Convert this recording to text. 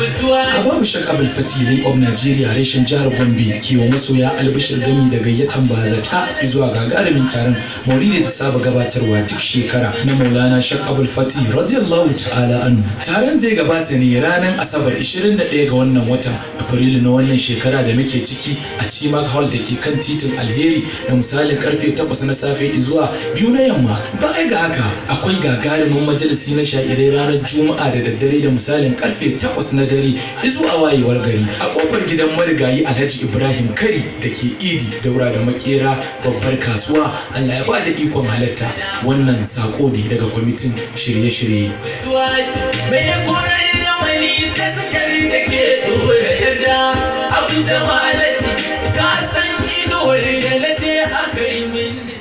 a babu shaka bilfatili of nigeria reshen jihar gombe kewa masoya albishir gami da gayyatan ba-zata. zuwa gagarumin taron maulidi da saba gabatarwa duk shekara na maulana shak abul fati radiyallahu ta'ala anhu taron zai gabata ne ranar asabar 21 ga wannan watan afrilu na wannan shekara da muke ciki a cimak hall da ke kan titin alheri da misalin karfe 8 na safe zuwa biyu na yamma baya ga haka akwai gagarumin majalisi na sha'irai ranar juma'a da daddare da misalin karfe 8 na dare zuwa wayewar gari a kofar gidan marigayi alhaji ibrahim kari da ke idi daura da makera babbar kasuwa allah ya ba da ikon halatta wannan sako ne daga kwamitin shirye-shirye ka san ido da yi mini